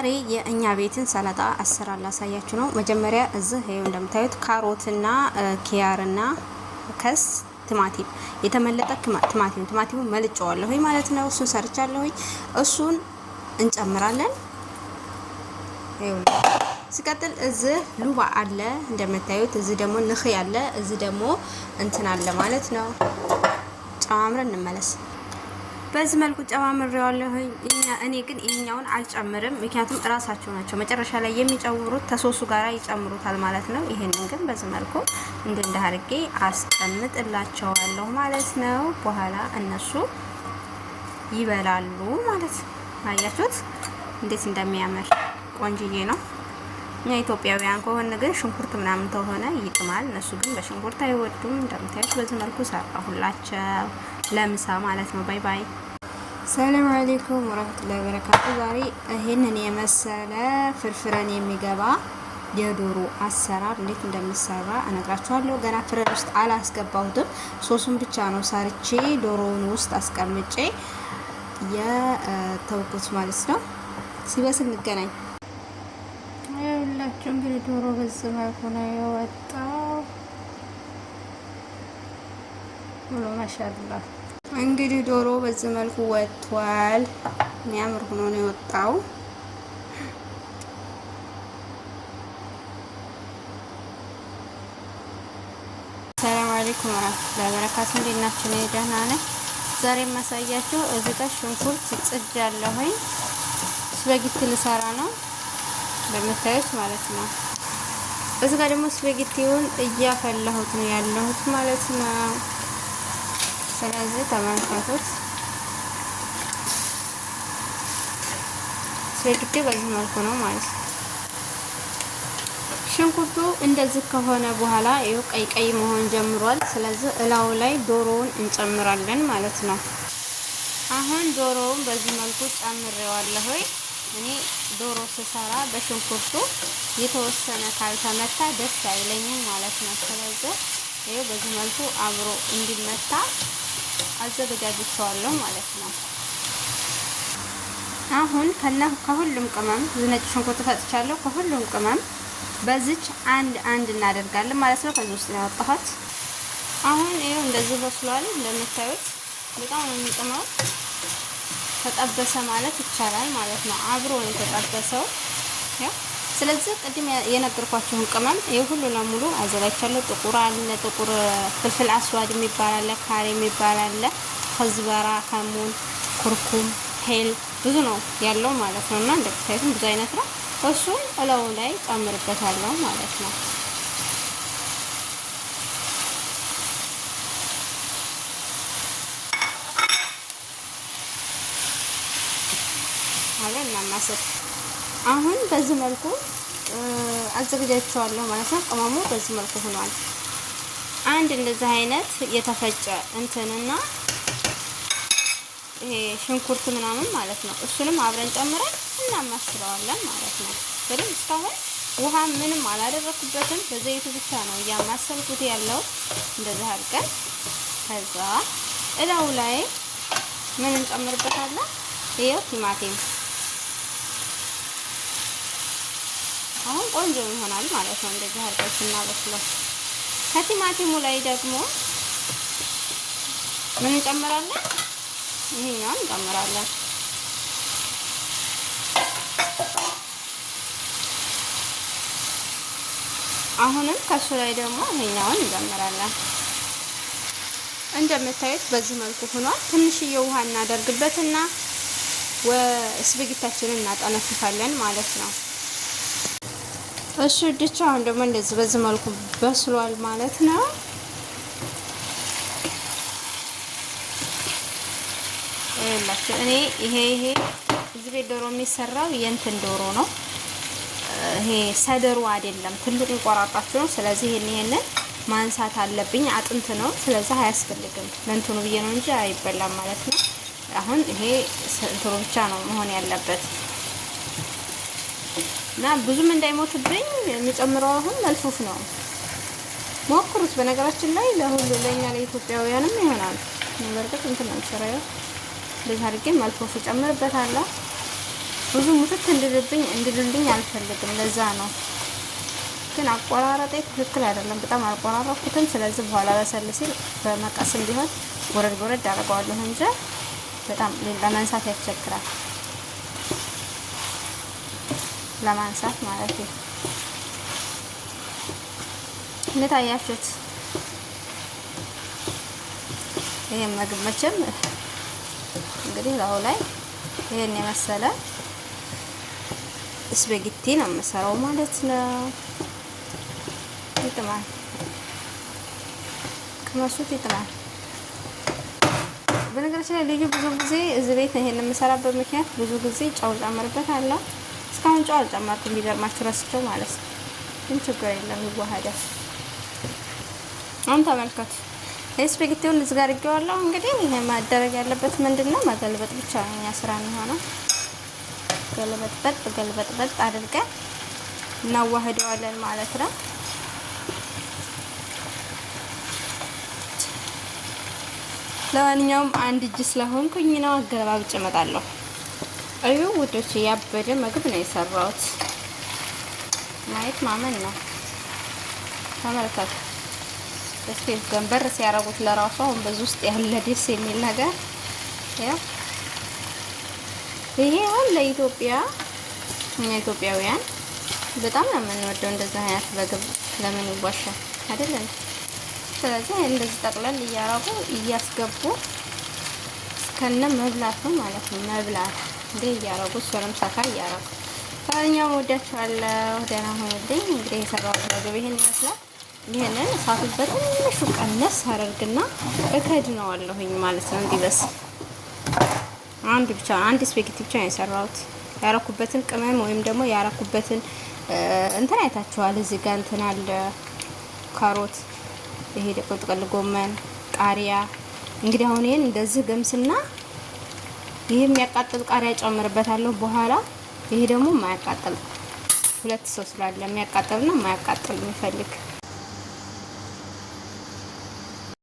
ዛሬ የእኛ ቤትን ሰላጣ አሰራር ላሳያችሁ ነው። መጀመሪያ እዚህ ይኸው እንደምታዩት ካሮትና ኪያርና ከስ ቲማቲም የተመለጠ ቲማቲም ቲማቲሙ መልጨዋለሁ ማለት ነው። እሱን ሰርቻለሁኝ። እሱን እንጨምራለን። ሲቀጥል እዚህ ሉባ አለ እንደምታዩት፣ እዚህ ደግሞ ንኽ ያለ፣ እዚህ ደግሞ እንትን አለ ማለት ነው። ጨማምረን እንመለስ። በዚህ መልኩ ጨማምሬዋለሁ። እኔ ግን ይህኛውን አልጨምርም፣ ምክንያቱም እራሳቸው ናቸው መጨረሻ ላይ የሚጨምሩት ተሶሱ ጋራ ይጨምሩታል ማለት ነው። ይሄንን ግን በዚህ መልኩ እንዲህ እንዳርጌ አስቀምጥላቸዋለሁ ማለት ነው። በኋላ እነሱ ይበላሉ ማለት ነው። አያችሁት እንዴት እንደሚያምር ቆንጅዬ ነው። እኛ ኢትዮጵያውያን ከሆነ ግን ሽንኩርት ምናምን ተሆነ ይጥማል። እነሱ ግን በሽንኩርት አይወዱም። እንደምታዩት በዚህ መልኩ ሰራሁላቸው። ለምሳ ማለት ነው። ባይ ባይ። ሰላም አለይኩም ወራህመቱላሂ ወበረካቱ። ዛሬ ይህንን የመሰለ ፍርፍረን የሚገባ የዶሮ አሰራር እንዴት እንደሚሰራ እነግራችኋለሁ። ገና ፍረን ውስጥ አላስገባሁትም። ሶሱን ብቻ ነው ሰርቼ ዶሮውን ውስጥ አስቀምጬ የተውኩት ማለት ነው። ሲበስል እንገናኝ። ይኸውላችሁ እንግዲህ ዶሮ በዚህ መልኩ ነው የወጣው ብሎ ማሻላ እንግዲህ ዶሮ በዚህ መልኩ ወጥቷል። የሚያምር ሆኖ ነው የወጣው። ሰላም አለይኩም ወራህመቱላሂ ወበረካቱ። እንዴት ናችሁ? እኔ ደህና ነኝ። ዛሬ የማሳያችሁ እዚህ ጋር ሽንኩርት ጽድ ያለሁኝ ስፓጌቲ ልሰራ ነው እንደምታዩት ማለት ነው። እዚህ ጋር ደግሞ ስፓጌቲውን እያፈላሁት ነው ያለሁት ማለት ነው። ስለዚህ ተመልከቱት። ስግዴ በዚህ መልኩ ነው ማለት ነው። ሽንኩርቱ እንደዚህ ከሆነ በኋላ ይኸው ቀይ ቀይ መሆን ጀምሯል። ስለዚህ እላው ላይ ዶሮውን እንጨምራለን ማለት ነው። አሁን ዶሮውን በዚህ መልኩ ጨምሬዋለሁ። እኔ ዶሮ ስሰራ በሽንኩርቱ የተወሰነ ካልተመታ ደስ አይለኝም ማለት ነው። ስለዚህ ይኸው በዚህ መልኩ አብሮ እንዲመታ አዘገጃጅቸዋለሁ ማለት ነው። አሁን ከና ከሁሉም ቅመም ዝነጭ ሽንኩርት ፈጥቻለሁ። ከሁሉም ቅመም በዚች አንድ አንድ እናደርጋለን ማለት ነው። ከዚህ ውስጥ ነው ያወጣሁት። አሁን ይኸው እንደዚህ በስሏል እንደምታዩት፣ በጣም ነው የሚጥመው። ተጠበሰ ማለት ይቻላል ማለት ነው። አብሮ ነው የተጠበሰው ያው ስለዚህ ቅድም የነገርኳችሁን ቅመም ይህ ሁሉ ለሙሉ አዘጋጅቻለሁ። ጥቁር አለ፣ ጥቁር ፍልፍል አስዋድ የሚባል አለ፣ ካሬ የሚባል አለ፣ ከዝበራ፣ ከሙን፣ ኩርኩም፣ ሄል ብዙ ነው ያለው ማለት ነው። እና እንደምታዩትም ብዙ አይነት ነው። እሱን እለው ላይ ጨምርበታለሁ ማለት ነው። አለ እናማሰብ አሁን በዚህ መልኩ አዘጋጃቸዋለሁ ማለት ነው። ቅመሙ በዚህ መልኩ ሆኗል። አንድ እንደዚህ አይነት የተፈጨ እንትንና ይሄ ሽንኩርት ምናምን ማለት ነው። እሱንም አብረን ጨምረን እናማስለዋለን ማለት ነው። በደንብ እስካሁን ውሃ ምንም አላደረኩበትም። በዘይቱ ብቻ ነው እያማሰልኩት ያለው። እንደዚህ አድርገን ከዛ እላው ላይ ምን እንጨምርበታለን? ይሄው ቲማቲም አሁን ቆንጆ ይሆናል ማለት ነው። እንደዚህ አድርገን ስናበስለው ከቲማቲሙ ላይ ደግሞ ምን እንጨምራለን? ይሄኛውን እንጨምራለን። አሁንም ከሱ ላይ ደግሞ ይሄኛውን እንጨምራለን። እንደምታዩት በዚህ መልኩ ሆኗል። ትንሽዬ ውሃ እናደርግበትና ስፓጌቲያችንን እናጠነፍፋለን ማለት ነው። እሺ ድቻ አሁን ደግሞ እንደዚህ በዚህ መልኩ በስሏል ማለት ነው። እኔ ይሄ ይሄ እዚህ ቤት ዶሮ የሚሰራው የእንትን ዶሮ ነው። ይሄ ሰደሩ አይደለም ትልቁ ቆራጣችሁ ነው። ስለዚህ ይሄን ይሄንን ማንሳት አለብኝ። አጥንት ነው፣ ስለዚህ አያስፈልግም። ለእንትኑ ብዬ ነው እንጂ አይበላም ማለት ነው። አሁን ይሄ እንትኑ ብቻ ነው መሆን ያለበት። እና ብዙም እንዳይሞትብኝ የሚጨምረው አሁን መልፉፍ ነው። ሞክሩት። በነገራችን ላይ ለሁሉ ለኛ ለኢትዮጵያውያንም ይሆናል። በርግጥ እንትን ነው ሰራዩ አድርጌ መልፎፍ እጨምርበታለሁ። ብዙ ሙትት እንድልብኝ እንድልልኝ አልፈልግም። ለዛ ነው ግን አቆራረጤ ትክክል አይደለም። በጣም አልቆራረኩትም። ስለዚህ በኋላ በሰል ሲል በመቀስም ቢሆን ጎረድ ጎረድ አደርገዋለሁ እንጂ በጣም ለመንሳት ያስቸግራል። ለማንሳት ማለት ነው። እንዴት አያችሁት? ይህ ምግብ መቼም እንግዲህ ላው ላይ ይህን የመሰለ ስፓጌቲ ነው የምሰራው ማለት ነው። ይጥማል፣ ቅመሱት፣ ይጥማል። በነገራችን ላይ ልዩ ብዙ ጊዜ እዚህ ቤት ይሄን የምሰራበት ምክንያት ብዙ ጊዜ ጨው ጨምርበት አለው። እስካሁን ጨው አልጨመርኩም፣ ቢገርማችሁ ረስቸው ማለት ነው። ግን ችግር የለም ይዋሃዳል። አሁን ተመልከቱ። ስፓጌቲውን እዚህ ጋር አድርጌዋለሁ። እንግዲህ ይሄ ማደረግ ያለበት ምንድን ነው? መገልበጥ ብቻ ነው የኛ ስራ የሚሆነው። ገልበጥበጥ ገልበጥበጥ አድርገን እናዋህደዋለን ማለት ነው። ለማንኛውም አንድ እጅ ስለሆንኩኝ ነው አገባብጬ እመጣለሁ። እዩ ውዶች፣ ያበደ ምግብ ነው የሰራሁት። ማየት ማመን ነው። ተመልከቱ እስኪ ገንበር ሲያረጉት ለራሱ አሁን በዚህ ውስጥ ያለ ደስ የሚል ነገር ያው ይሄ አሁን ለኢትዮጵያ እኛ ኢትዮጵያውያን በጣም ነው የምንወደው እንደዚህ አይነት በግብ ለምን ይዋሻል አይደለም። ስለዚህ እንደዚህ ጠቅለል እያረጉ እያስገቡ እስከነ መብላቱ ማለት ነው መብላት እንግዲህ እያረጉ እሱንም ሰፋ እያረጉ ከኛውም ወዳችኋለሁ። ደህና ሆኑልኝ። እንግዲህ የሰራሁት ምግብ ይህን ይመስላል። ይህንን እሳቱ በትንሹ ቀነስ አደርግና እከድነዋለሁኝ ማለት ነው እንዲበስ አንድ ብቻ አንድ ስፔጌቲ ብቻ ነው የሰራሁት። ያረኩበትን ቅመም ወይም ደግሞ ያረኩበትን እንትን አይታችኋል። እዚህ ጋር እንትን አለ ካሮት፣ ይሄ ጥቅል ጎመን፣ ቃሪያ። እንግዲህ አሁን ይሄን እንደዚህ ገምስና ይህ የሚያቃጥል ቃሪያ ጨምርበታለሁ በኋላ። ይሄ ደግሞ ማያቃጥል ሁለት ሰው ስላለ የሚያቃጥልና ማያቃጥል የሚፈልግ